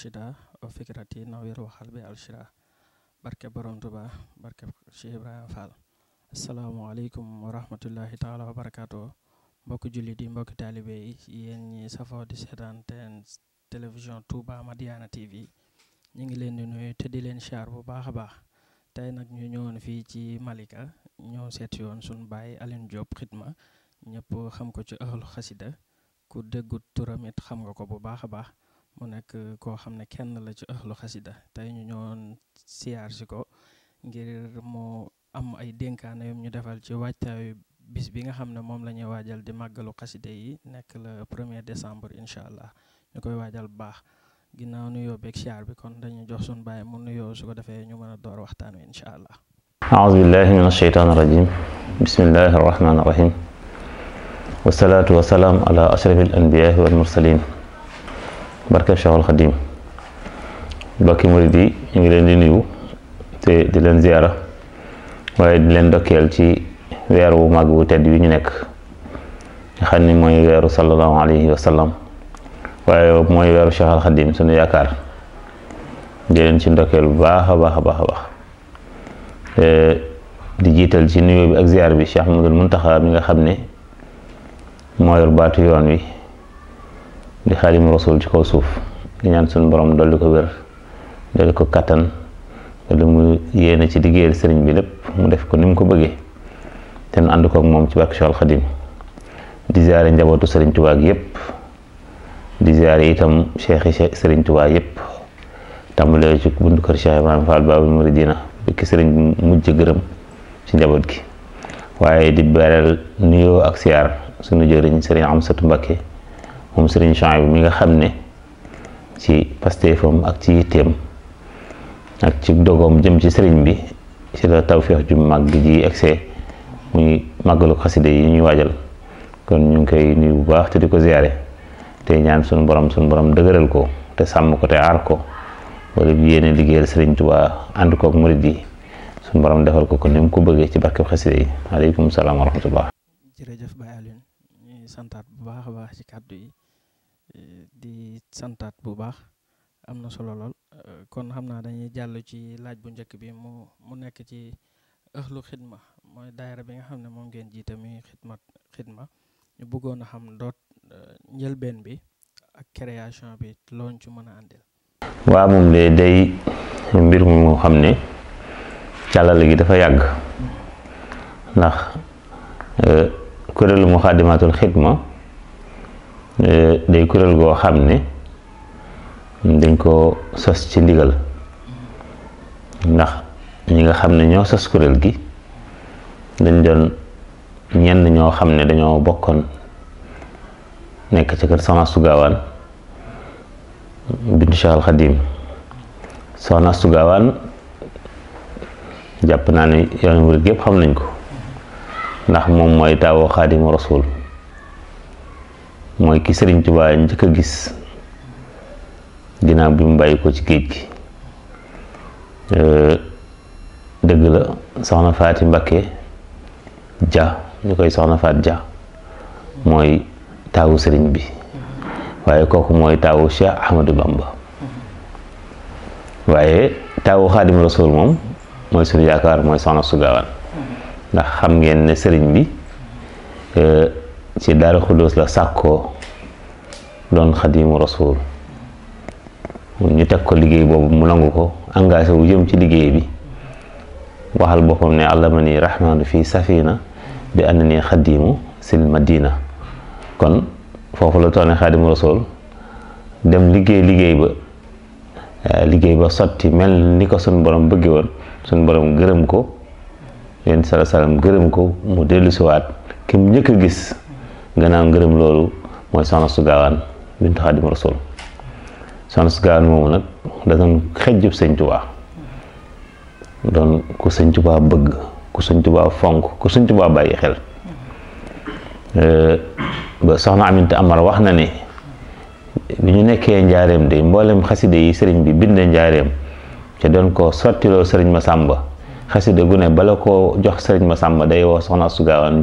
murshida o fikrati nawir waxal bi alshira barke borom Tuba barke Cheikh Ibrahima Fall asalaamaaleykum wa rahmatullahi taala wa mbokki jullit yi mbokki taalibe yi ñi safoo di seetaan teen télévision Touba TV ñu ngi leen di nuyu te di leen siyaar bu baax a baax tey nag ñu ñëwoon fii ci Malika ñëw seet yoon sunu baay Alioune Diop xidma ñëpp xam ko ci ahlu xasida ku déggut turam xam nga ko bu baax a baax mu nekk koo xam ne kenn la ci ëxlu xasida tey ñu ñoon siyaar si ko ngir mu am ay dénkaane yum ñu defal ci waajtaayu bis bi nga xam ne moom la ñuy waajal di màggalu xasida yi nekk la premier décembre incha allah ñu koy waajal bu baax ginnaaw nu beeg siyaar bi kon dañuy jox suñu bàyyi mu nuyoo su ko defee ñu mën a door waxtaan wi incha allah aoudu billahi min asheytaan irajim bismillahi arrahmani irrahim wasalaatu wasalaam ala ashraf al anbiyaai wal barkeb Cheikhul Xadim mbokki murid yi ñu ngi leen di nuyu te di leen ziara waaye di leen dokkeel ci weer wu màgg wu tedd wi ñu nekk nga xam ni mooy weeru sallallahu alayhi wa sallam waaye mooy weeru Cheikhul Xadim sunu yaakaar di leen ci ndokkeel bu baax a baax a baax a baax di jiital ci nuyoo bi ak ziar bi Cheikh mun Muntaxa bi nga xam ni moo yor baatu yoon wi di xaadimu rasul ci kaw suuf di ñaan suñu borom dolli ko wér dolli ko kattan dolli mu yéene ci liggéeyal sëriñ bi lépp mu def ko ni mu ko bëggee te nu ànd kook moom ci barke Cheikhul Xadim di ziare njabootu sëriñ Tuubaa yépp di ziare itam cheikhi sëriñ Tuubaa yépp tàmbalee ci buntu kër Cheikh Ibrahima Fall Baabul Muridina bikki sëriñ bi mujj gërëm ci njaboot gi waaye di beral nuyoo ak siyaar suñu jëriñ sëriñ Amsatu Mbakke mom Serigne chaib mi nga xamne ne ci pastéefam ak ci yitteem ak ci dogom jëm ci serigne bi ci la tawfiq ju mag ji exé muy magalu khasside yi ñuy wajal kon ñu ngi koy nuyu bu baax te diko ziaré te ñaan suñu borom suñu borom degeural ko te sam ko te ar ko wala bi yene yéene serigne sëriñ and ko ak murid yi suñu borom defal ko ko nim ko bëgge ci barkeb khasside yi alaykum salaam wa rahmatullah jërëjëf bay Alioune ñi santat bu baax baax ci kaddu yi di santaat bu baax am na solo lool kon xam naa dañuy jàll ci laaj bu njëkk bi mu mu nekk ci ëxlu xidma mooy daayira bi nga xam ne moom ngeen jiite muy xidma xidma ñu bëggoon a xam doot e, njëlbeen bi ak création bi loon ci mën a àndil waa moom de day mbir mu xam ne càllal gi dafa yàgg mm-hmm. ndax e, kuréelu mu xaadimaatul xidma Eh, day kuréel goo xam ne dañ koo sos ci ndigal ndax ñi nga xam ne ñoo sos kuréel gi dañ doon ñenn ñoo xam ne dañoo bokkoon nekk ci kër soxna su gaawaan bintu Cheikh Al Xadim soxna su gaawaan jàpp naa ne yoonu murid gépp xam nañ ko ndax moom mooy taawoo xaadimu rasul moy ki serigne touba njëkk gis ginaaw bi mu bàyyi ko ci geej gi dëgg la soxna faati Mbakke ja ñu koy soxna fat ja moy taawu serigne bi waye koku moy taawu Cheikh Ahmadou Bamba waye taawu khadim rasoul mom moy suñu yaakaar moy soxna su ndax xam ngeen ne serigne bi euh ci Daaru Xuddoos la sàkkoo doon xadimu rasul ñu teg ko liggéey boobu mu nangu ko engagé wu jëm ci liggéey bi waxal boppam ne allamani rahmaanu fi safina bi ànd nii xadimu sil madina kon foofu la toone xadimu rasul dem liggéey liggéey ba eh, liggéey ba sotti mel ni ko suñ borom bëgge woon suñ borom gërëm ko yéen sala gërëm ko mu dellusiwaat ki mu njëkk gis gana ngirim lolu mo soxna su bint bintu rasul soxna su datang nak da nga xejju seigne touba don ko seigne touba beug ko seigne touba fonk ko seigne touba baye xel eh, ba soxna aminte amar waxna ni bi ñu de mbolém xaside yi sëriñ bi binde ndiarém te don ko sorti lo ma masamba xaside gune balako jox sëriñ masamba day wo soxna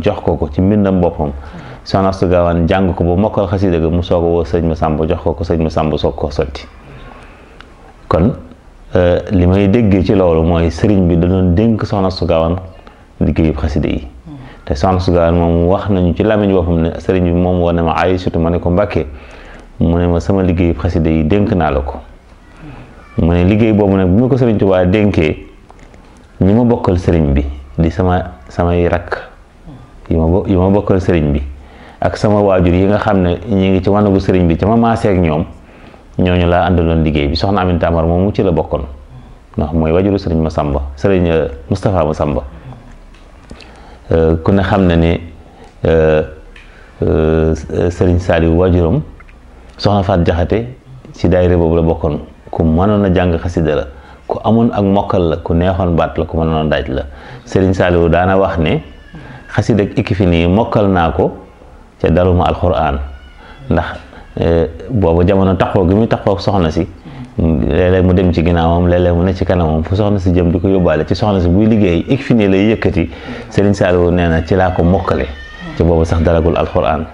jox ko ko ci mbindam soxna su Gaawaan jàng ko ba mokkal xasida ga mu soog a woo sëñ Masamba jox ko ko sëñ Masamba soog koo sotti kon euh, li may déggee ci loolu mooy sëriñ bi da dénk soxna Astu Gaawaan liggéeyub xasida yi te soxna Astu Gaawaan moom wax nañu ci làmmiñ boppam ne sëriñ bi moom wane ma ay surtout ma ne ko Mbàkke mu ne ma sama liggéeyub xasida yi dénk naa la ko mu ne liggéey boobu nag bi ma ko sëriñ Tuubaa dénkee ñi ma bokkal sëriñ bi di sama samay rakk yi ma bokkal sëriñ bi ak sama waajur yi nga xam ne ñi ngi ci wànnagu sëriñ bi ci ma maaseeg ñoom ñooñu laa àndaloon liggéey bi soxna Amin Tamar moom mu ci la bokkoon ndax mooy waajuru sëriñ Masamba sëriñ euh, Moustapha Masamba euh, ku ne xam na ne euh, sëriñ Saliou waajuram soxna Faat Jaxate ci daayira boobu la bokkoon ku mënoon a jàng xasida la ku amoon ak mokkal la ku neexoon baat la ku mënoon daaj la sëriñ Saliou daana wax ne xasida ak nii mokkal naa ko ca daruma alxuraan ndax eh, boobu jamono taxoo gi muy taxoo soxna si léeg mu dem ci ginnaawam léeg-léeg mu ne ci kanamam fu soxna si jëm di ko yóbbaale ci soxna si buy liggéey ik fi ne lay yëkkati Serigne Saliou nee na ci laa ko mokkale ci boobu sax daragul alxuraan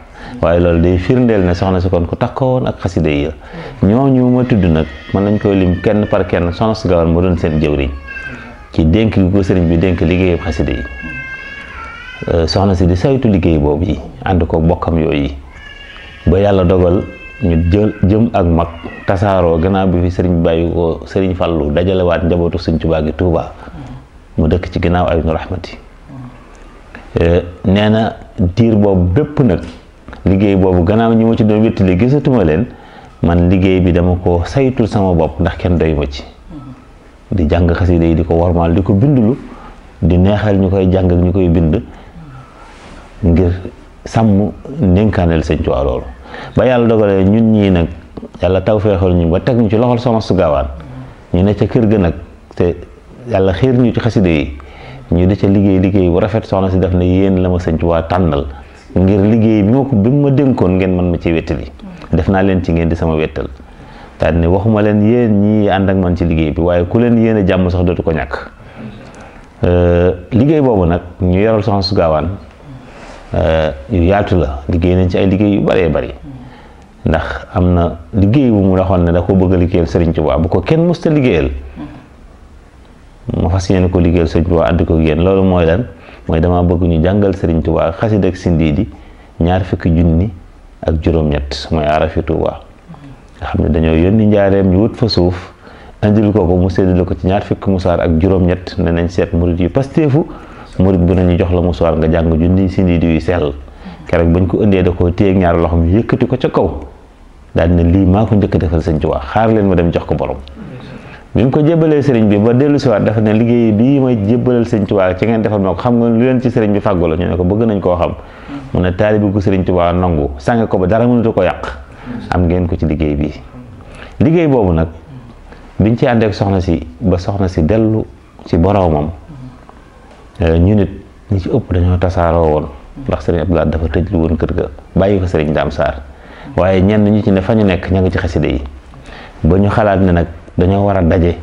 waaye loolu day firndeel ne soxna si kon ku takkoo woon ak xasida yi la ñoom ñu ma tudd nag mën nañ koy lim kenn par kenn soxna si gawar ma doon seen jëwriñ ci dénk gi ko sëriñ bi dénk liggéeyam xasida yi Euh, soxna si di saytu liggéey boobu yi ànd ko bokkam yooyu ba yàlla dogal ñu jëm ak mag tasaaroo gannaaw bi fi sëriñ bàyyi ko sëriñ Fallu dajalewaat njabootu sëriñ Tuubaa gi Tuubaa mu dëkk ci gannaaw ay nu raxmati euh, nee na diir boobu bépp nag liggéey boobu gannaaw ñi ma ci doon wéttali gisatuma leen man liggéey bi dama ko saytul sama bopp ndax kenn doy ci di jàng xasida yi di ko warmaal di ko bindulu di neexal ñu koy jàng ak ñu koy bind ngir sam ndénkaaneel sëñ Tuubaa lolu ba yalla dogale ñun ñi nak yalla taw ñu ba teg ñu ci loxol sama su gaawaan ñu ne ci kër ga nak te yalla xir ñu ci xasside yi ñu di ci liggey liggey bu rafet soxna ci def na yeen lama ngir liggey bi moko bimu ma denkon ngeen man ma ci wettali def na len ci ngeen di sama wettal tan ni waxuma len yeen ñi and ak man ci liggey bi waye ku len yéen jamm sax dootu ko ñàkk euh, liggey bobu nak ñu yoral soxna su gawaan Euh, yu yaatu la liggéey nañ ci ay liggéey yu bëree bëri ndax am na liggéey bu mu waxoon ne da ko bëgg a liggéeyal Serigne Touba bu ko kenn musta liggéeyal ma fas yéene ko liggéeyal Serigne Touba ànd ko yéen loolu mooy lan mooy dama bëgg ñu jàngal Serigne Touba xasida ak sindiidi ñaar fukki junni ak juróom-ñett mooy arafi Touba nga xam ne dañoo yónni njaareem ñu wut fa suuf indil ko ko mu séddale ko ci ñaar fukki musaar ak juróom-ñett ne nañ seet murit yu pasteefu murit bu nañu jox la musuwaar nga jàng junni sindi diw yu sell keroog bañ ko indee da koo téye ñaar loxoom yëkkati ko ca kaw daal ne lii maa ko jëkk defal sëñ Tuubaa xaar leen ma dem jox ko borom bi mu ko jébalee sëriñ bi ba dellu siwaat dafa ne liggéey bii may jébalal sëñ Tuubaa ci ngeen defal ma ko xam nga lu leen ci sëriñ bi fàggu la ñu ko bëgg nañ koo xam mu ne taalibi ko sëriñ Tuubaa nangu sànge ko ba dara mënatu ko yàq am ngeen ko ci liggéey bii liggéey boobu nag biñ ci àndeek soxna si ba soxna si dellu ci boromam Euh, ñu nit ñi ci ëpp dañoo tasaaroo woon hmm. ndax sëriñ Abdoulaye dafa tëj lu woon kër ga bàyyi fa sëriñ Daam Saar hmm. waaye ñenn ñu ci ne fa ñu nekk ña nga ci xaside yi ba ñu xalaat ne nag dañoo war a daje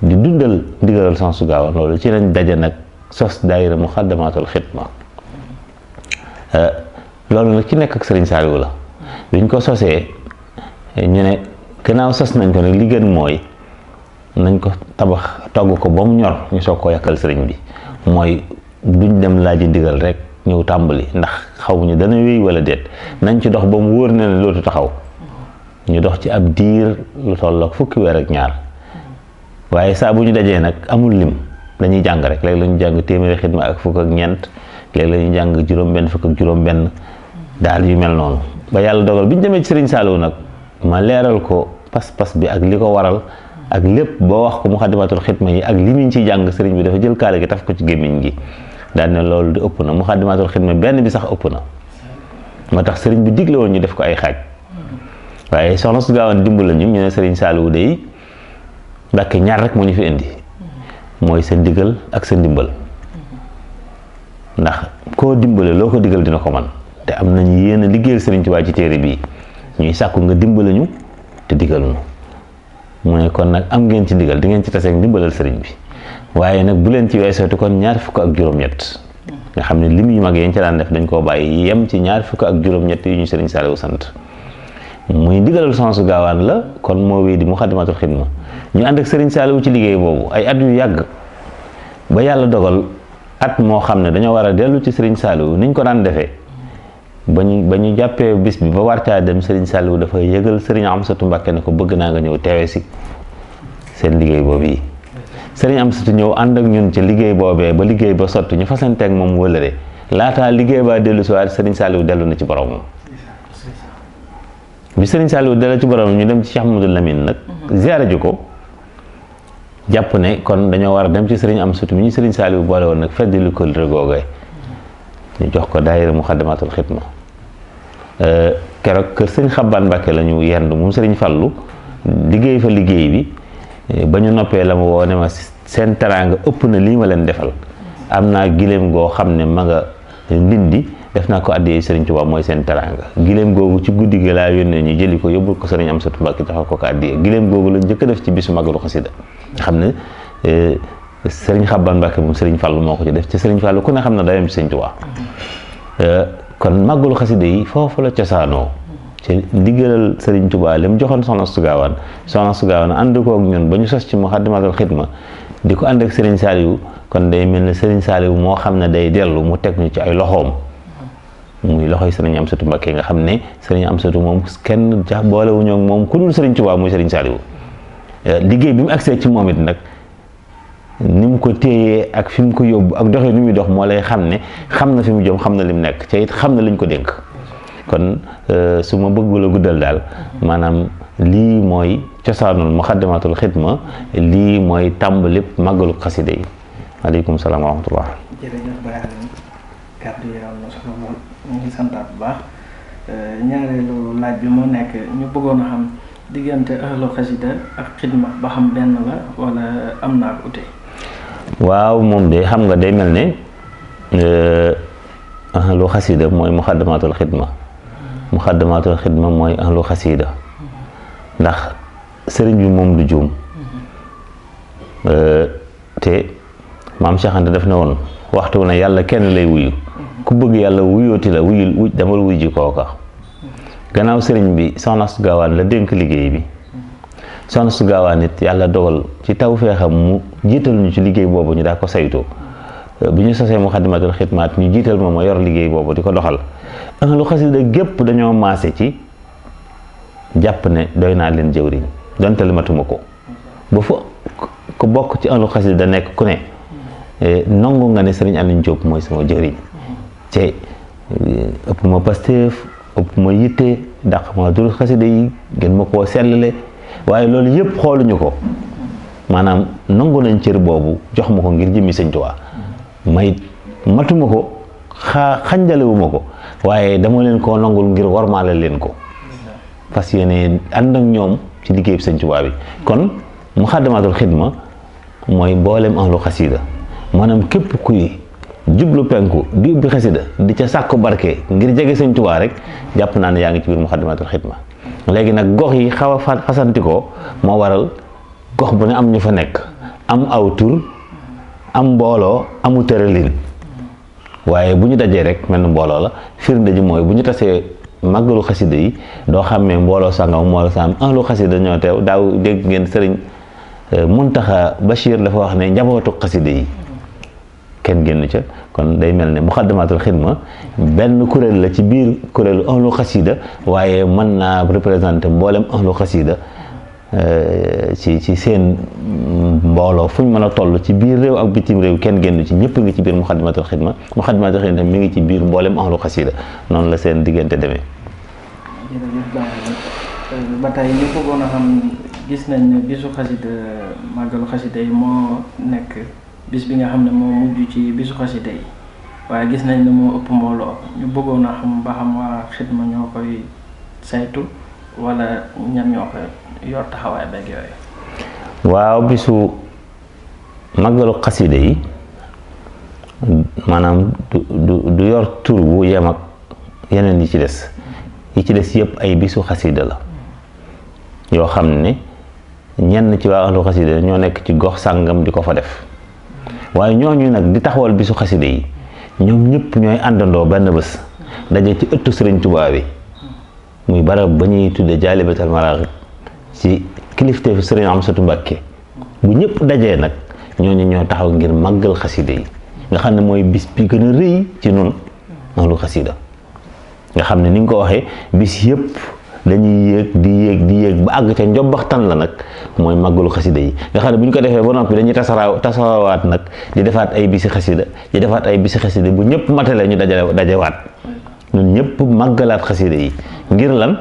di dundal ndigalal sans su gaaw loolu ci lañ daje nag sos daayira mu xaddamaatul xidma euh, loolu nag ci nekk sëriñ Saliou la biñ ko sosee ñu ne gannaaw sos nañ ko nag li gën mooy nañ ko tabax togg ko ba mu ñor ñu soo ko yàkkal sëriñ bi mooy ñu dem laaji ndigal rek ñëw tàmbali ndax xawuñu dana wéy wala déet nañ ci dox ba mu wóor ne loolu taxaw ñu dox ci ab diir lu tolloog fukki weer ak ñaar waaye saa bu ñu dajee nag amul lim dañuy jàng rek léegi la jàng téeméeri xidma ak fukk ak ñeent léegi la ñuy jàng juróom-benn fukk ak juróom-benn daal yu mel noonu ba yàlla dogal bi ñu demee ci Sëriñ Saliou nag ma leeral ko pas-pas bi ak li ko waral ak lepp ba wax ko muxaddimatul khitma yi ak limiñ ci kita jàng bi dafa jël kala gi taf ko ci gemiñ gi sering na lolou di ëpp na muxaddimatul xidma benn bi sax ëpp na moo tax bi diglé won ñu def ko ay xaj waye soxna su dimbal ñu ñu salou ñaar rek mo ñu fi indi moy sa digël ak sa dimbal ndax ko dimbalé loko ko digal dina ko man té am nañu yéena liggéey liggéeyal sëriñ ci téré bi ñuy sakku nga dimbalé ñu té digël ñu mu ne kon nag am ngeen ci ndigal di ngeen ci taseeg ndimbalal sëriñ bi waaye nag bu leen ci weesooti kon ñaar fukk ak juróom-ñett nga xam ne lim yu mag yi ci daan def dañ koo bàyyi yem ci ñaar fukk ak juróom-ñett yu ñu sëriñ Saliou sant muy ndigalal Soxna gaawaan la kon moo wéy di Muxaddamatul Xidma ñu ànd ak sëriñ Saliou ci liggéey boobu ay at yu yàgg ba yàlla dogal at moo xam ne dañoo war a dellu ci sëriñ Saliou niñ ko daan defee. ba ñu ba ñu jàppee bis bi ba war caa dem Serigne Saliou dafa yëgal Serigne Amsatu Mbàkke ne ko bëgg naa nga ñëw teewe si seen liggéey boobu yi sëriñ am Amsatu ñëw ànd ak ñun ci liggéey boobee ba liggéey ba sotti ñu fasanteeg moom wëlëre laata liggéey baa dellu si sëriñ Serigne Saliou dellu na ci boromam bi Serigne Saliou dellu ci boromam ñu dem ci Cheikh Amadou Lamine nag ziyaare ji ko jàpp ne kon dañoo war a dem ci Serigne Amsatu mi ñu Serigne Saliou boole woon nag fedd lu ko rëgoogee ñu jox ko daayira Muxaddamatul Xidma Euh, keroog kër sëñ Xabbaan Mbàkke la ñu yendu moom sëriñ Fallu liggéey fa liggéey bi eh, ba ñu noppee la ma woo ne ma seen teraanga ëpp na lii ma leen defal am naa gileem goo xam ne ma nga ndindi def naa ko àddee sëriñ Tuubaa mooy seen teraanga gileem googu ci guddi gi laa yónnee ñu jëli ko yóbbul ko sëriñ Amsatu Mbàkke joxal ko ko àddee gileem la njëkk def ci bisu magalu xasida xam ne eh, sëriñ Xabbaan Mbàkke moom sëriñ Fallu moo ko ci def ci sëriñ Fallu ku ne xam ne dayam ci sëriñ Tuubaa eh, kon màggalu xasida yi foofu la cosaanoo ci ndigalal Sëriñ Tuubaa lim joxoon soxna Sugaawaan soxna Sugaawaan ànd kook ñun ba ñu sos ci Muxaddamatul Xidma di ko ànd ak Sëriñ Saaliwu kon day mel ne Sëriñ Saaliwu moo xam ne day dellu mu teg ñu ci ay loxoom muy loxoy Sëriñ Amsatu Mbakke nga xam ne Sëriñ Amsatu moom kenn jax boolewuñu ñoo moom ku dul Sëriñ Tuubaa muy Sëriñ Saaliwu eh, liggéey bi mu agsee ci moom it nag ni mu ko téyee ak fi mu ko yóbbu ak doxee ni muy dox moo lay xam ne xam na fi mu jëm xam na li mu nekk te it xam na liñ ko dénk kon euh, su ma bëggul daal maanaam lii mooy cosaanul muxaddamatul xidma lii mooy tàmbali màggalu xasida yi aleykum salaam wa rahmatullah jërëjëf euh, laaj bi moo nekk ñu bëggoon a xam diggante ahlu xasida ak xidma ba xam benn la wala am naa ko ute waaw moom de xam nga day mel ne euh, ahlu xasida mooy muxaddamaatul xidma muxaddamaatul xidma mooy ahlu xasida ndax sëriñ bi moom du juum euh, te maam Cheikh def na woon waxtu na yàlla kenn lay wuyu ku bëgg yàlla wuyooti la wuyul wuj damal wuy kooka gannaaw sëriñ bi soxna su gaawaan la dénk liggéey bi soxna su gaawaan nit yàlla dogal ci taw feexam mu jiital ñu ci liggéey boobu ñu daa ko saytu euh, bi ñu sosee Muxaddamatul Xidmaat ñu jiital moom ma yor liggéey boobu di ko doxal lu xasida gépp dañoo maase ci jàpp ne doy naa leen jëwriñ donte li matuma ko ba fa ku bokk ci ahlu xasida nekk ku ne e, nangu nga ne sëriñ Alioune Diop mooy sama jëwriñ te e, ëpp ma Pastef ëpp ma yitte dàq ma dul xasida yi gën ma koo sellale waaye loolu yëpp xooluñu ko maanaam nangu nañ cër boobu jox ma ko ngir jëmmi sëñ Tuubaa may matuma ko xaa xanjalewuma ko waaye dama leen koo nangul ngir war warmaale leen ko fas yéene ànd ak ñoom ci liggéeyub sëñ Tuubaa bi kon muxaddamaatul xidma mooy mboolem ahlu xasida maanaam képp kuy jublu penku di ubbi xasida di ca sàkku barke ngir jege sëñ Tuubaa rek jàpp naa ne yaa ngi ci biir muxaddamaatul xidma léegi nag gox yi xaw a fasanti ko moo waral gox bu ne am ñu fa nekk am aw tur am mbooloo amu tëralin waaye bu ñu dajee rek mel ni mbooloo la firnde ji mooy bu ñu tasee màggalu xasida yi doo xàmmee mbooloo sàngam mbooloo sàngam ahlu xasida ñoo teew daaw dégg ngeen sëriñ tax Bachir dafa wax ne njabootu xasida yi kenn génn ca kon day mel ne muxaddamaatul xidma benn kuréel la ci biir kuréelu ahlu xasida waaye mën naa représenté mboolem ahlu xasida ci ci seen mbooloo fuñ mën a toll ci biir réew ak bitim réew kenn génn ci ñëpp ngi ci biir muxaddamaatul xidma muxaddamaatul xidma mi ngi ci biir mboolem ahlu xasida noonu la seen diggante demee. ba tey ñu bëggoon a xam gis nañ ne bisu xasida màggalu xasida yi moo nekk. bis bi nga xamne mo mujj ci bisu xasi tay waye gis nañ ne mo upp mbolo ñu bëggoon xam ba xam wa xidma ñokoy saytu wala ñam ñokoy yor taxaway beeg yoy waaw bisu màggalu xasida yi manam du du yor tur bu yam ak yeneen yi ci dess yi ci dess yep ay bisu xasida la yoo xamne ñen ci waa ahlu xasida ñoo ci gox sangam di fa def waaye ñooñu nak di taxawal bisu khasside yi ñom ñëpp ñoy andando ben bés dajé ci ëttu serigne touba bi muy barab ba ñuy tudde jaalibatal maraaxib ci kilifteefu sëriñ Amsatu mbacké bu ñëpp dajee nag ñooñu ñoo taxaw ngir màggal khasside yi nga xamné moy bis bi gëna reuy ci nun ahlu xasida nga xamné ni nga ko waxee bis yépp dañuy yek di yek di yek ba ag ca njobbaxtan la nak moy magul xasida yi nga xamne buñ ko defé bo nopi dañuy tasaraw tasawawat nak di defaat ay bisi xasida di defaat ay bisi xasida bu ñepp matale ñu dajale dajewaat ñun ñepp magalat xasida yi ngir lan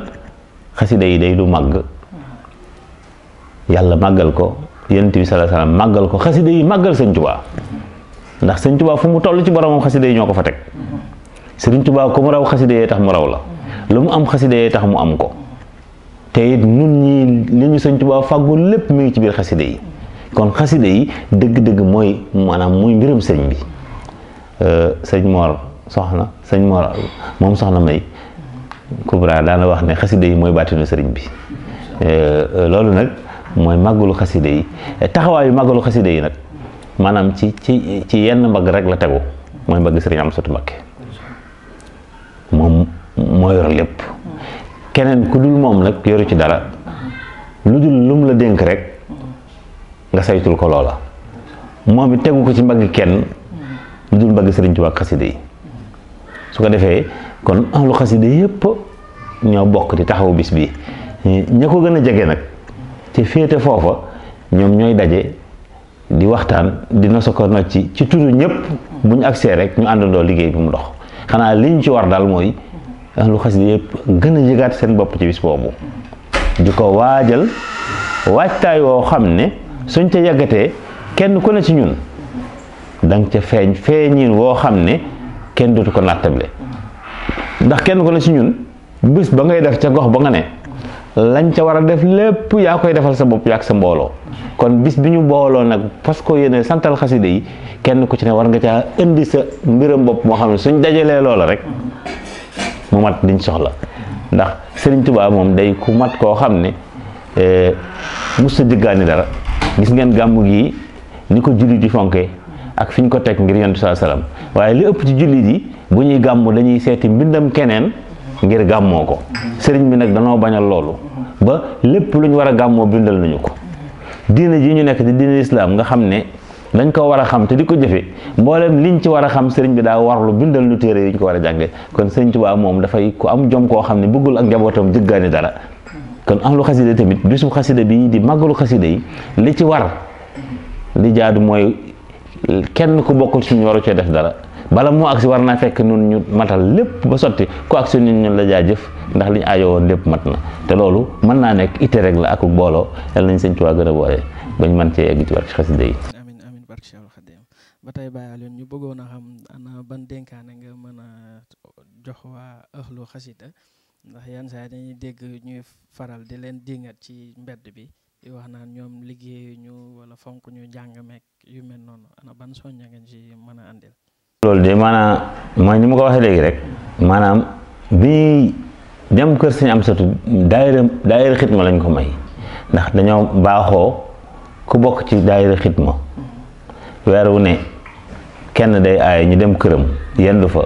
xasida yi day du mag yalla magal ko yonent bi sallallahu alayhi wasallam magal ko xasida yi magal señ tuba ndax señ tuba fu mu tollu ci borom xasida yi ñoko fa tek señ tuba ku mu raw xasida yi tax mu raw la lu am xasida yi tax mu am ko te it nun ñii li ñu sëñ Tuubaa fàggul lépp mu ngi ci biir xasida yi kon xasida yi dëgg-dëgg mooy maanaam muy mbirum sëñ bi euh, sëñ Mor soxna sëñ Mor moom soxna May Kubra daana wax ne xasida yi mooy baatinu sëriñ bi euh, euh, loolu nag mooy màggalu xasida yi taxawaayu màggalu xasida yi nag maanaam ci ci ci yenn mbagg rek la tegu mooy mbagg sëriñ Amsatu Mbakke moom moo yor lépp kenen ku dul mom nak yoru ci dara ludul lum la denk rek nga saytul ko lola moom it tegu ko ci mbag ken ludul mbag serigne touba Tuubaa yi su ko defee kon ahlu xasida yépp ño bok di taxaw bis bi ña ko gën a jege nag te féete foofa ñoom di waxtaan di noso ko nocci ci turu ñëpp bu accès rek ñu àndandoo liggéey bi mu dox xana liñ ci war dal moy ahlu xasida di gën a jëgaat seen bop ci bis boobu di wajal waajal wo woo ne suñ ca yagate kenn ku ne ci ñun dang ca feeñ feeñin wo xam ne kenn dootu ko nattable ndax kenn ku ci ñun bis ba ngay def ca gox ba nga ne lañ ca wara def lepp ya koy defal sa bop yak sa mbolo kon bis biñu bolo, nak nag parce que santal xasida yi kenn ku ci ne war nga ca indi sa mbiram bop mo xamne suñ dajalee rek mu mat liñ soxla ndax Sëriñ Tuubaa moom day ku mat koo xam ne eh, mos na jëggaani dara gis ngeen gàmmu gi ni ko jullit yi fonke ak fi ñu ko teg ngir yontu sa salaam waaye li ëpp ci jullit yi bu ñuy gàmmu dañuy seeti mbindam keneen ngir gàmmoo ko sëriñ bi nag danoo bañal loolu ba lépp lu ñu war a gàmmoo bindal nañu ko diine ji ñu nekk di diine islaam nga xam ne dañ ko war a xam te di ko jëfe mboolem liñ ci war a xam sëriñ bi daa warlu bindal ñu téere yu ñu ko war a jànge kon sëriñ Tuubaa moom dafay ku am jom koo xam ne bëggul ak njabootam dara kon ahlu xasida tamit bisu xasida bi di màggalu xasida yi li ci war li jaadu mooy kenn ku bokkul suñu waru cee def dara bala moo agsi war naa fekk nun ñu matal lépp ba sotti ku agsi ñun ñun la jëf ndax liñ aayoo woon lépp mat na te loolu mën naa nekk ite rek la ak booloo yàlla nañ sëñ Tuubaa gën a boole bañ mën cee egg ci war ci xasida yi ba tey Baye Alioune ñu bëggoon a xam ana ban dénkaane nga mën a jox waa ëxlu xasida ndax yan saa dañuy dégg ñuy faral di leen dingat ci mbedd bi di wax naan ñoom liggéeyuñu wala fonk ñu jàng meek yu mel noonu ana ban soñña nga ci mën a àndil loolu de maana mooy ni ma ko waxee léegi rek maanaam bi dem kër sañu am satu daayira daayira xitma lañ ko may ndax dañoo baaxoo ku bokk ci daayira xitma weer wu ne kenn day aaye ñu dem këram yendu fa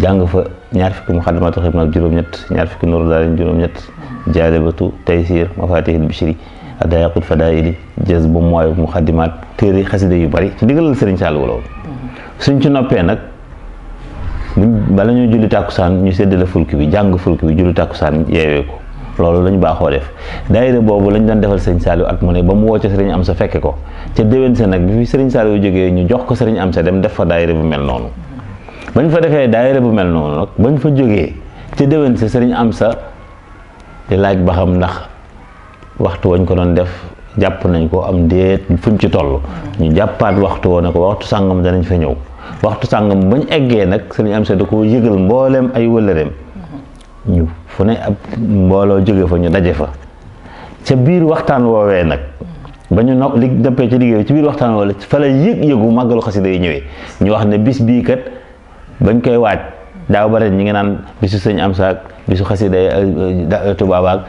jàng fa ñaar fukki muxaddamatul xidma ak juróom-ñett ñaar fukki nooru daal juróom-ñett jaalibatu taysiir mafatihil bichri adayaqut fadaili jës bu mooy muxaddimaat téere xasida yu bari ci diggalal sëriñ Saliou Wolo suñ ci noppee nag bala ñu julli tàkkusaan ñu séddale fulki bi jàng fulki bi julli tàkkusaan yeewee ko loolu la ñu baaxoo def daayira boobu lañ daan defal sëriñ Saliou at mu ne ba mu woo ca am sa fekke ko ca déwén sa nag bi fi sëriñ Saliou jógee ñu jox ko sëriñ Amsa dem def fa daayira bu mel noonu bañ fa defee daayira bu mel noonu nag bañ fa jógee ca déwén sa sëriñ Amsa di laaj ba xam ndax waxtu wañ ko doon def jàpp nañ ko am déet fuñ ci toll ñu jàppaat waxtu woo ne ko waxtu sàngam danañ fa ñëw waxtu sàngam bañ eggee nag sëriñ am sa da ko yëgal mbooleem ay wëllëreem ñu fu ne ab mbooloo jóge fa ñu daje fa ca biir waxtaan woowee nag ba ñu nopp li dëppee ci liggéey ci biir waxtaan woowee fa la yëg-yëgu màggalu xasida yi ñëwee ñu wax ne bis bii kat bañ koy waaj daaw ba ren ñi nga naan bisu sëñ am saak bisu xasida euh, tubaabaak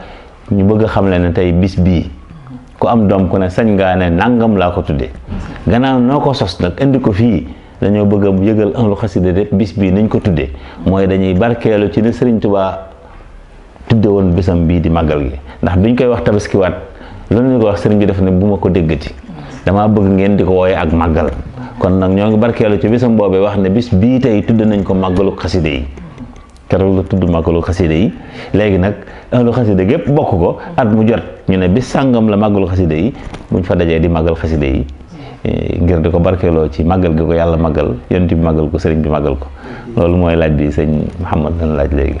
ñu bëgg xam le ne tey bis bii ku am doom ku ne sañ ngaa ne nangam laa ko tuddee gannaaw noo ko sos nag indi ko fii dañoo bëgg a yëgal ahlu xasida de bis bii nañ ko tuddee mooy dañuy barkeelu ci ne sëriñ tudde won bisam bi di magal gi ndax duñ koy wax wat loolu ñu ko wax sëriñ bi def ne buma ma ko déggati dama bëgg ngeen di ko ak magal kon nak ñoo ngi barkeelu ci bisam bobé wax ne bis bi tay tudd nañ ko magalu khasside yi keroog la tuddu magalu khasside yi légui nak ahlu khasside gep bokku ko at mu jot ñu ne bis sangam la magalu khasside yi buñ fa dajé di magal khasside yi eh, ngir di ko ci magal gi ko yalla magal yonent bi magal ko sëriñ bi magal ko loolu moy laaj bi sëñ Mouhamad lan laaj léegi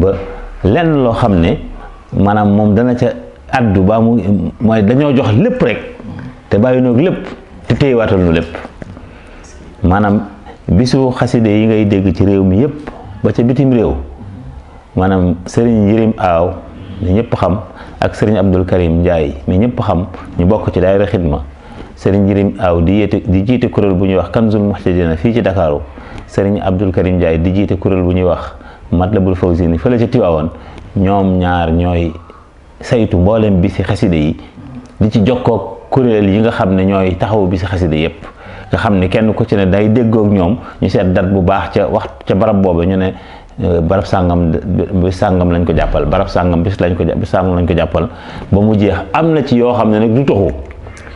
ba lenn loo xam ne maanaam moom dana ca addu baa mu mooy dañoo jox lépp rek te bàyyi noog lépp te téyewaatal nu lépp maanaam bisu xaside yi ngay dégg ci réew mi yépp ba ca bitim réew maanaam sëriñ njirim Aaw mi ñëpp xam ak sëriñ Abdul Karim Njaay mi ñëpp xam ñu bokk ci daayira xidma sëriñ Yirim Aaw di yéete di jiite kuréel bu ñuy wax Kanzul Muhtadina fii ci Dakaaru sëriñ Abdul Karim Njaay di jiite kuréel bu ñuy wax Matlabul fawzin fele ci tiwawon ñom ñaar ñoy saytu mbollem bi ci khasside yi di ci jokkoo kurel yi nga xamne ne taxaw bi ci khasside yep nga xamne ne kenn ku ci ne day déggoog ñom ñu seet dat bu baax ci wax ci barab bobu ñu ne euh, barab sangam bi sangam lañ ko jappal barab sangam bis lañ ko bis sangam lañ ko jappal ba mu jeex amna ci yo xamne ne du taxu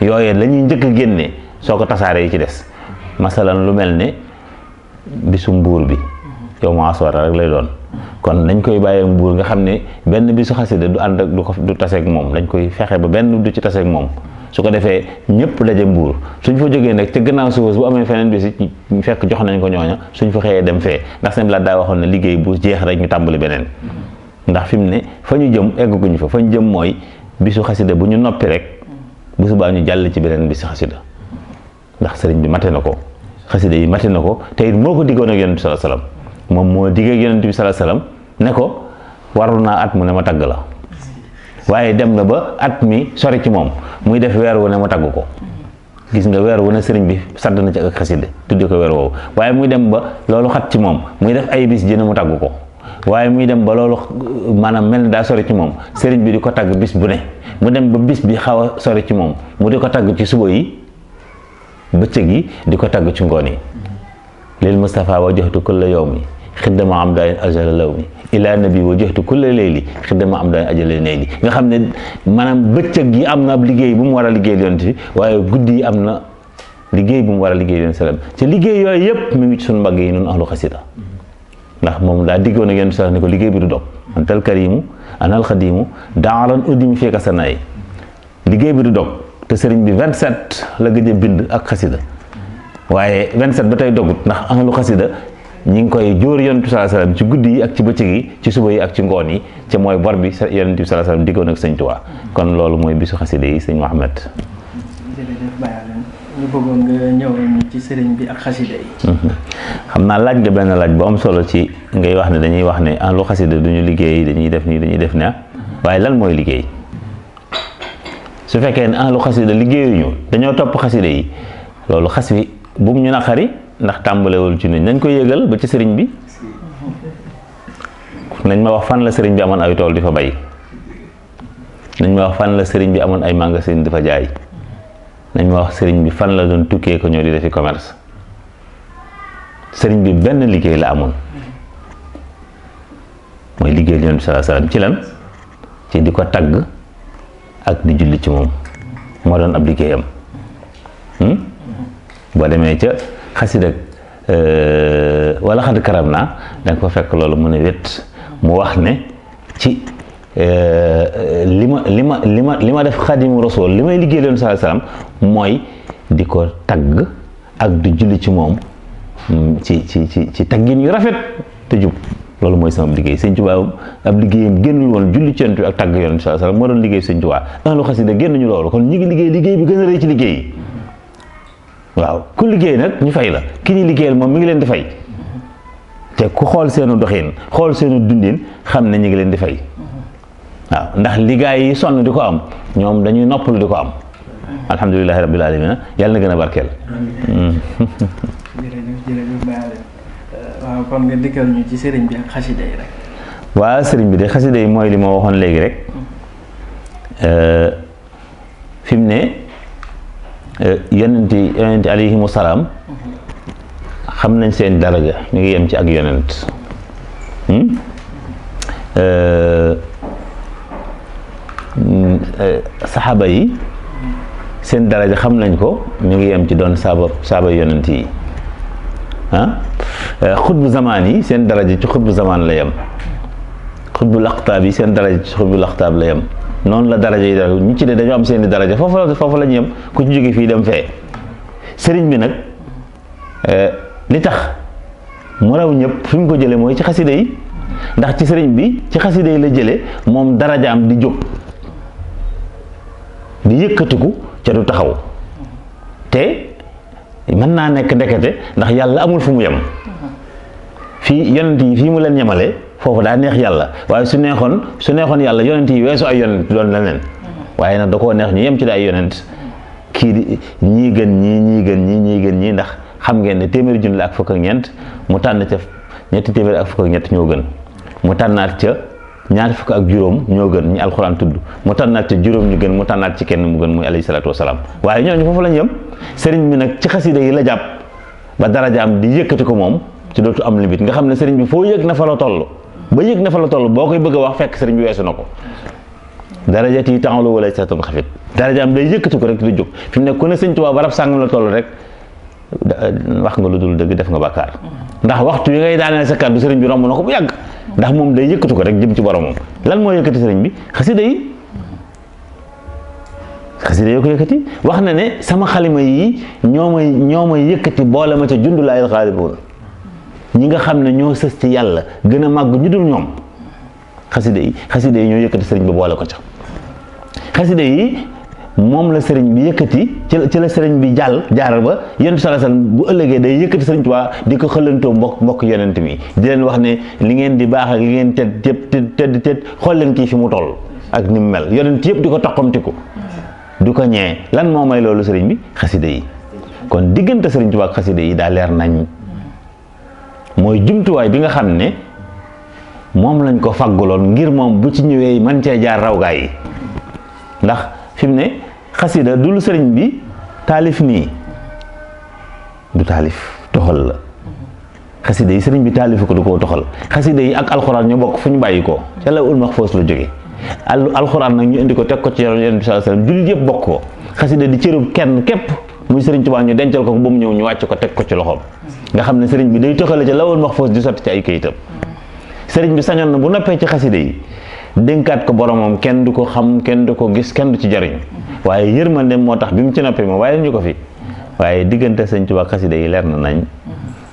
yoyé la jëk njëkk soko tassaré ci dess masalan lu melni ne bur bi yow mu aswara rek lay doon kon nañ koy bàyyee mbuur nga xam ne benn bisu xasida du ànd ak du ko du taseeg moom dañ koy fexe ba benn du ci taseeg moom su ko defee ñëpp daje mbuur suñ fa jógee nag te gannaaw suba bu amee feneen bis ñu fekk jox nañ ko ñooña suñ fa xëyee dem fee ndax seen la daa waxoon ne liggéey bu jeex rek ñu tàmbali beneen ndax fi mu ne fa ñu jëm egguñu fa fa ñu jëm mooy bisu xasida bu ñu noppi rek bu subaa ñu jàll ci beneen bisu xasida ndax sëriñ bi mate na ko xasida yi mate na ko te it moo ko diggoon ak yonent bi sallallahu moom moo digee yonent sallallahu alaihi wasallam ne ko waruna at mu ne ma tagla waye dem na ba at mi sori ci mom muy def wer wu ne ma tagg ko gis nga wer wu ne serigne bi sadd na ci ak khasside tuddi ko wer wo waye muy dem ba lolu xat ci mom muy def ay bis jëne mu tagg ko muy dem ba lolu manam mel da sori ci mom serigne bi diko bis bu ne mu dem ba bis bi xawa sori ci mom mu diko ci suba yi beccegi diko tagg ci ngoni lil Mustafa wajhatu joxtu yawmi xiddama am daayin ajala law ni ilaa nabi wa joxtu kulla leeli xiddama am daayin ajala neeli nga xam ne maanaam bëccëg yi am na ab liggéey bu mu war a liggéey yonent bi waaye guddi yi am na liggéey bu mu war a liggéey yonent salaam te liggéey yooyu yëpp mi ngi ci suñu mbagg yi nun ahlu xasida ndax moom daa diggoon ak yonent salaam ne ko liggéey bi du dog antal karimu anal xadimu daaran uddimi fekka sanaay liggéey bi du dog te sëriñ bi vingt 27 la gëj bind ak xasida waaye 27 ba tey dogut ndax ahlu xasida ñu ngi koy jóor yonent bi ci guddi yi ak ci bëccëg yi ci suba yi ak ci ngoon yi ca mooy bor bi sa bi sallallahu alayhi wasallam diggoon ak sëñ Tuubaa kon loolu mooy bisu xaside yi sëñ Mouhamed jërëjëf mhm. xam naa laaj nga benn laaj bu am solo ci ngay wax ne dañuy wax ne ah lu xaside duñu liggéey dañuy def nii dañuy def ne waaye lan mooy liggéey su fekkee ne ahlu xasida liggéeyuñu dañoo topp xasida yi loolu xas bi bu mu ñu naqari ndax wul ci nit nañ ko yéggal ba ci sëriñ bi nañ ma wax fan la sëriñ bi amon ay tool di bay nañ ma wax fan la sëriñ bi amon ay magasin di jaay nañ ma wax sëriñ bi fan la doon tukkee ko ñoo di defi commerce sëriñ bi benn liggéey la amon moy liggéey yonent bi salam. salaam ci lan ci diko tag tagg ak di julli ci mom mo doon ab liggéeyam bo démé ci euh wala xad karam naa da ko fekk lolu mu ne wet mu wax ne ci eh, lima lima lima ma def khadim rasul limay liggeel yon leen saa wasallam moy diko tag ak du julli ci mom mm, ci ci ci ci taggin yu rafet te jub lolu moy sama liggey seigne touba ab liggeyam gennul won julli ci ak tagg yoon saa salaam moo doon liggéey sëñ Tuubaa ahlu gennu ñu lolu kon ñi ngi liggey bi gëna a ci liggey waaw ku liggéey nag ñu fay la ki ñu liggéeyal moom mi ngi leen di fay te ku xool seenu doxin xool seenu dundin xam ne ñu ngi leen di fay waaw ndax liggaay yi sonn di ko am ñoom dañuy noppalu di ko am alhamdulilahi rabbil alamin yàlla na gën a barkeel euh, waaw kon ci sëriñ bi ak sëriñ bi de xasida yi mooy li ma waxoon léegi rek hmm. euh, fi ne Eh, yonent yi yonent alayhimu salaam xam nañ seen daraja ñu ngi yem ci ak yonent hmm? eh, eh, saxaaba yi seen daraja xam nañ ko mu ngi yem ci doon saaba saaba yonent yi ah xutbu zamaan yi seen daraja ci xutbu zamaan la yem xutbu laqtaab yi seen daraja ci xutbu laqtaab la yem noonu la daraja yi dal ñu ci ne dañoo am seeni daraja foofu la foofu la ñu ku ci jóge fii dem fee sëriñ bi nag eh, li tax mu raw ñëpp fi mu ko jële mooy ci xasida yi ndax ci sëriñ bi ci xasida yi la jële moom am di jóg di yëkkatiku ca du taxaw te mën naa nekk ndekete ndax yàlla amul fu mu yem fii yonent yi fi mu leen yemale foofu daa neex yàlla waaye su neexoon su neexoon yàlla yonent yi weesu ay yonent doon leneen waaye nag da koo neex ñu yem ci la ay yonent kii di ñii gën ñii ñii gën ñii ñii gën ñii ndax xam ngeen ne téeméer junni la ak fukk ak ñeent mu tànn ca ñetti téeméeri ak fukk ñett ñoo gën mu tànnaat ca ñaar fukk ak juróom ñoo gën ñu alxuraan tudd mu tànnaat ca juróom ñu gën mu tànnaat ci kenn mu gën muy alayhi salaatu wasalaam waaye ñoo ñooñu foofu lañ yem sëriñ bi nag ci xasida yi la jàpp ba darajaam di yëkkati ko moom ci dootu am limite nga xam ne sëriñ bi foo na fa toll ba yëg na fa la toll boo koy bëgg wax fekk sëriñ bi weesu na ko daraja tii temps la wala sa tan xafit daraja am day yëkkati ko rek di jóg fi mu ne ku ne sëñ Tuubaa barab sàngam la toll rek wax nga lu dul dëgg def nga bàkkaar ndax waxtu yi ngay daaneel sa kàddu sëriñ bi romb na ko bu yàgg ndax moom day yëkkati ko rek jëm ci boromam lan moo yëkkati sëriñ bi xasida yi xasida yoo ko yëkkati wax na ne sama xalima yi ñoo may ñoo may yëkkati boole ma ca jundulaayil xaalibuun ñi nga xam ne ñoo sës ci yàlla gën a màgg ñu dul ñoom xaside yi xaside yi ñoo yëkkati sëriñ bi boole ko ca xaside yi moom la sëriñ bi yëkkati ci la sëriñ bi jàll jaaral ba yonent bi sallallahu alayhi wasallam bu ëllëgee day yëkkati sëriñ Tuubaa di ko xëlantoo mbokk mbokk yonent mi di leen wax ne li ngeen di baax ak li ngeen tedd tedd tedd tedd xool leen kii fi mu toll ak ni mu mel yonent yëpp di ko toqamtiku du ko ñee lan moo may loolu sëriñ bi xaside yi kon diggante sëriñ Tuubaa ak xaside yi daa nañ mooy jumtuwaay bi nga xam ne moom lañ ko fagguloon ngir moom bu ci ñëwee man cee jaar rawgaay yi ndax fi mu ne xasida du lu sëriñ bi taalif nii du taalif toxal la xasida yi sëriñ bi taalifu ko du ko toxal xasida yi ak alxuraan ñu bokk fu ñu bàyyi ko ca la ul maxfuus la jóge alxuraan nag ñu indi ko teg ko ci yoon yonent bi sallallahu alayhi wasallam jullit yëpp bokk ko xasida di cërub kenn képp muy serigne touba ñu dencal ko bum ñew ñu wacc ko tek ko ci loxom nga xamne serigne bi day toxale ci lawul mahfuz di sot ci ay kayitam serigne bi sañon na bu noppé ci xasside yi denkat ko boromam kenn du ko xam kenn du ko gis kenn du ci jariñ waye yermane motax bimu ci noppé mo waye ñu ko fi waye digënté serigne touba xasside yi leer na nañ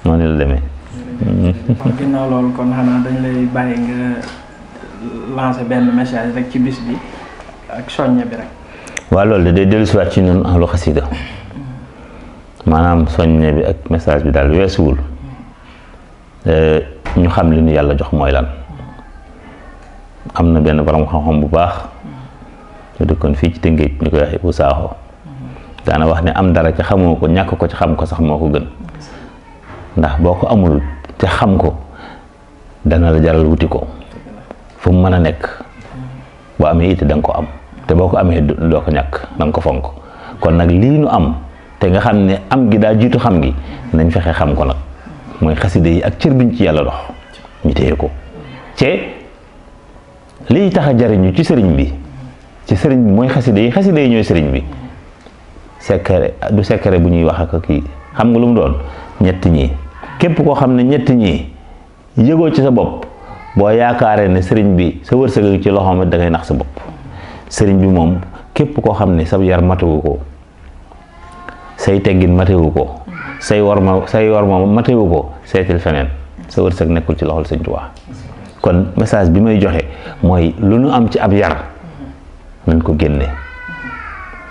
noni la démé ginnaw lool kon xana dañ lay bayyi nga lancer ben message rek ci bis bi ak soññe bi rek wa lool de delu ci ñun lu khasida manam soññe bi ak message bi daal euh ñu xam li ñu yalla jox moy lan am na borom xam-xam bu baax te kon fi ci ngeej ñu koy waxee Usaaxo daana wax ne am dara ci xamoo ko ñàkk ko ci xam ko sax moko gën ndax boko amul ci xam ko dana la jaral wuti ko fu mu mën a nekk boo amee ko am te boko ko do ko ñak ko fonk kon nak li nu am te nga xam am gi da jitu xam gi nañ fexé xam ko nak moy khasside yi ak cër biñ ci yalla dox ñu téye ko ci li taxa a ci sëriñ bi ci sëriñ moy khasside yi khasside yi ñooy sëriñ bi secret du secret bu ñuy wax ak ki xam nga lu mu doon ñett ñi képp ko xam ñett ñi yego ci sa bop bo yaakaare ne sëriñ bi sa wërsegal ci loxom da ngay nax sa bop sëriñ bi mom képp ko xam sa yar matu ko say teggin matewu ko say war say war ma matewu ko seetil feneen sa wërsëg nekkul ci loxol sëñ Tuubaa kon message bi may joxe mooy lu nu am ci ab yar nañ ko génne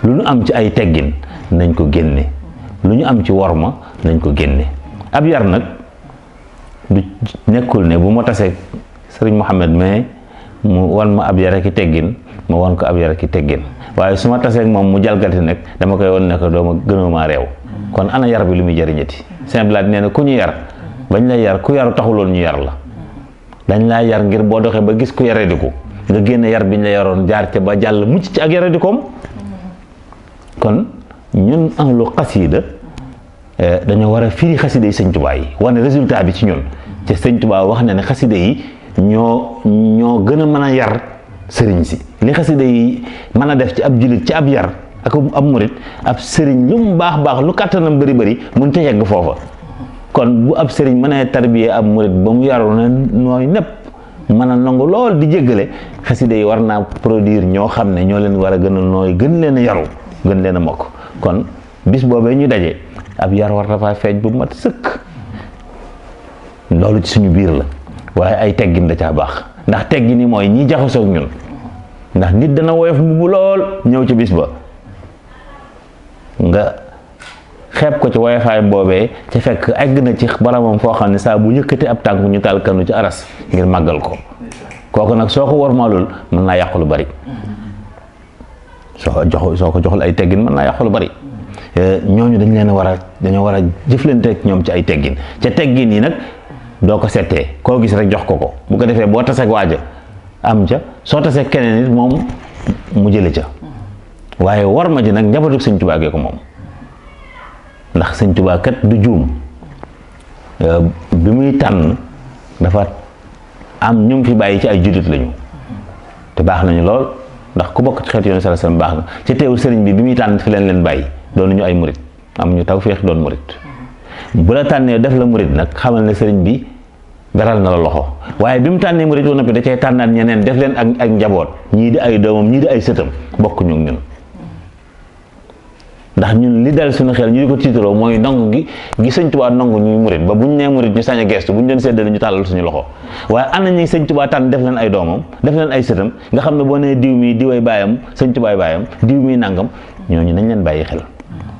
lu nu am ci ay teggin nañ ko génne lu ñu am ci war ma nañ ko génne ab yar nag du nekkul ne bu ma tasee sëriñ Mouhamed mais mu wan ma ab yar ak teggin ma won ko ab yar ki teggin waaye su ma taseeg moom mu jalgati nag dama koy won ne ko dooma gënoo réew kon ana yar bi lu muy jëriñati Sëñ Abdu Lahat nee na ku ñu yar bañ lay yar ku yaru taxuloon ñu yar la dañ laa yar ngir boo doxee ba gis ku yaradiku nga génn yar biñ la yaroon jaar ca ba jàll mucc ci ak yaradikoom kon ñun lu xasida eh, dañoo war a firi xasida yi sëñ tubaa yi wane résultat bi ci ñun te sëñ tubaa wax na ne xasida yi ñoo ñoo gën a mën a sëriñ si li xasida yi mën a def ci ab jullit ci ab yar ak ab murit ab sëriñ lu mu baax baax lu kàttanam bëri bëri mun te yegg foofa kon bu ab sëriñ mënee tarbiyee ab murit ba mu yaru na nooy népp mën a nangu lool di jéggale xasida yi war naa produire ñoo xam ne ñoo leen war a gën a nooy gën leen yaru gën leen a mokk kon bis boobee ñu daje ab yar war na faa feeñ bu mat sëkk loolu ci suñu biir la waaye ay teggin da caa baax ndax teggi ni mooy ñi jaxasoog ñun ndax nit dana woyof mbubu lool ñëw ci bis ba nga xeeb ko ci woyofaay boobee ci fekk egg na ci boromam foo xam ne saa bu yëkkati ab tànk ñu taal kanu ci aras ngir màggal ko kooku nag soo ko wormaalul mën naa yàqu lu bari soo ko jox soo joxul ay teggin mën naa yàqu lu bari eh, ñooñu dañ leen a war a dañoo war a jëflante ñoom ci ay teggin ca teggin yi nag doo ko settee koo gis rek jox ko ko bu ko defee boo taseeg waaja am ja soo taseeg keneen nit moom mu jële ca waaye war ma ji nag njabootu sëñ Tuubaa gee ko moom ndax sëñ Tuubaa kat du juum euh, bi muy tànn dafa am ñu fi bàyyi ci ay jullit lañu te baax nañu lool ndax ku bokk ci xeetu yoonu sallallahu alayhi baax na ci teewul sëriñ bi bi muy tànn fi leen leen bàyyi doon ñu ay murit am ñu taw tawfeex doon murit bu la tànnee def la murit nag xamal na sëriñ bi beral na la loxo waaye bi mu tànnee murit ba noppi da cay tànnaat ñeneen def leen ak ak njaboot ñii di ay doomam ñii di ay sëtam bokk ñu ñun ndax ñun li dal suñu xel ñu di ko tiitaroo mooy nangu gi gi sëñ tubaa nangu ñuy ba buñ nee murit ñu sañ a gestu buñ doon seddale ñu tàllal suñu loxo waaye na ñi sëñ tubaa tànn def leen ay doomam def leen ay sëtam nga xam ne boo nee diw mi diway baayam sëñ tubaay baayam diw mi nangam ñooñu nañ leen bàyyi xel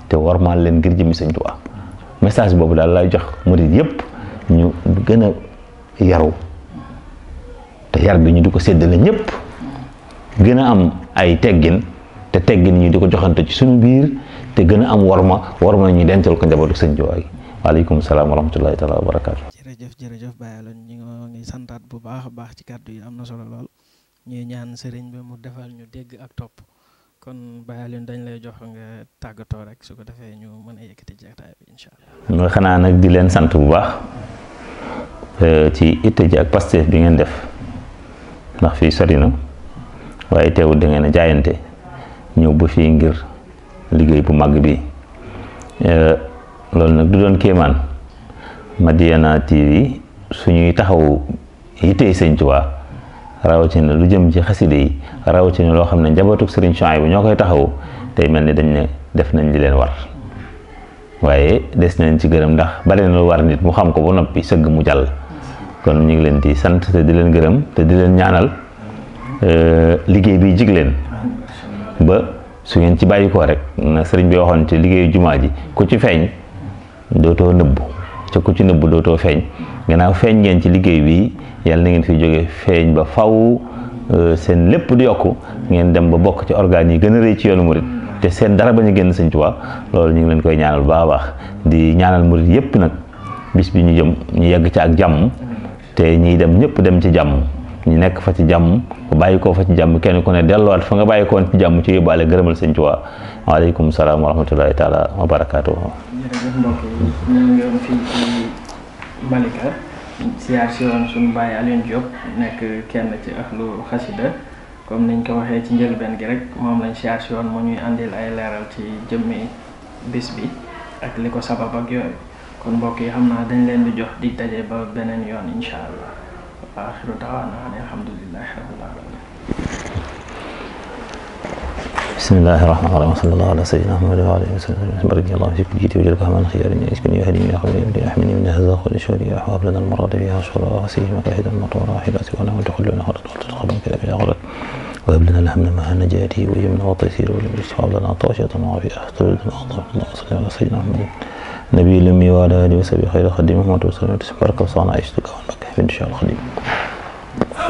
te warmaal leen ngir jëmi sëñ message boobu daal lay jox murid yëpp ñu gën a yaru te yar bi ñu di ko séddale ñëpp gën a am ay teggin te teggin ñu di ko joxante ci suñu biir te gën a am warma warma ñu dencal ko njabootu sëñ ay waaleykum salaam wa rahmatullahi taala wa barakaatu. jërëjëf jërëjëf Baye Alone ñu ngi santaat bu baax a baax ci kàddu yi am na solo lool ñuy ñaan sëriñ bi mu defal ñu dégg ak topp. kon bàyyi dañ lay jox nga tagato rek su ko defee ñu mëna yëkëti yëkkati bi inshallah allah. nga xanaa nag di leen sant bu baax euh, ci ité ji ak pasteur bi ngeen def ndax fi sarina waye téw teewul da ngeen jaayante ñëw bu fi ngir liggéey bu mag bi euh, lool nak du doon kéemaan Madiyana TV suñuy taxaw ité Sëñ Tuubaa rawatina lu jëm ci xaside yi rawatina loo xam ne njabootug sëriñ Chouaïbou bi ñoo koy taxawu tey mel ni dañ ne def nañ di leen war waaye des nañ ci gërëm ndax bari na lu war nit mu xam ko ba noppi sëgg mu jàll kon ñu ngi leen di sant te di leen gërëm te di leen ñaanal euh, liggéey bi jig leen ba su ngeen ci bàyyi rek na sëriñ bi waxoon ci liggéeyu jumaa ji ku ci feeñ dootoo nëbbu te ku ci nëbbu dootoo feeñ gannaaw feñ ngeen ci liggey bi yalla na ngeen fi joge feñ ba faw euh, sen lepp du yokku ngeen dem ba bok ci organe yi gëna a ci yoonu murid te sen dara bañu ñu señ sëñ loolu ñu ngi leen koy ñaanal ba baax di ñaanal murid yépp nak bis bi ñu jëm ñu yegg ci ak jamm te ñi dem ñëpp dem ci jamm ñi nekk fa ci jamm ko bayiko fa ci jamm kenn ku ne wat fa nga bayiko ci jamm ci yóbbaale gërëmal sëñ Tuubaa waaleykum salaam wa rahmatullahi taala wa Malika siyaar si woon suñu bàyyi Alioune Diop nekk kenn ci ak ahlu xasida comme niñ ko waxee ci njëlbeen gi rek moom lañ siyaar si woon mu ñuy àndil ay leeral ci jëmmi bis bi ak li ko sabab ak yooyu kon mbokk yi xam naa dañ leen di jox di daje ba beneen yoon incha allah waaxiru daawaana alhamdulillahi rabbil alamin بسم الله الرحمن الرحيم وصلى الله على سيدنا محمد وعلى اله وسلم بارك الله فيك جيتي وجل فهم الخيار ان يسكن يهدي يا يخرج من احمني من هذا خل شوري احواب لنا المراد بها شورى وسيم كاحدا مطورا حلاس وانا وتخلون خرج وتتخلون كذا في الاخرة وهب لنا الهم مع نجاتي ويمن وطيسير ولم يصحاب لنا طاشة وعافية اختلد لنا اطلب الله صلى الله على سيدنا محمد نبي الامي وعلى اله وصحبه خير خدمه محمد وسلم بارك وصانع عيشتك وعنك في ان شاء الله خديم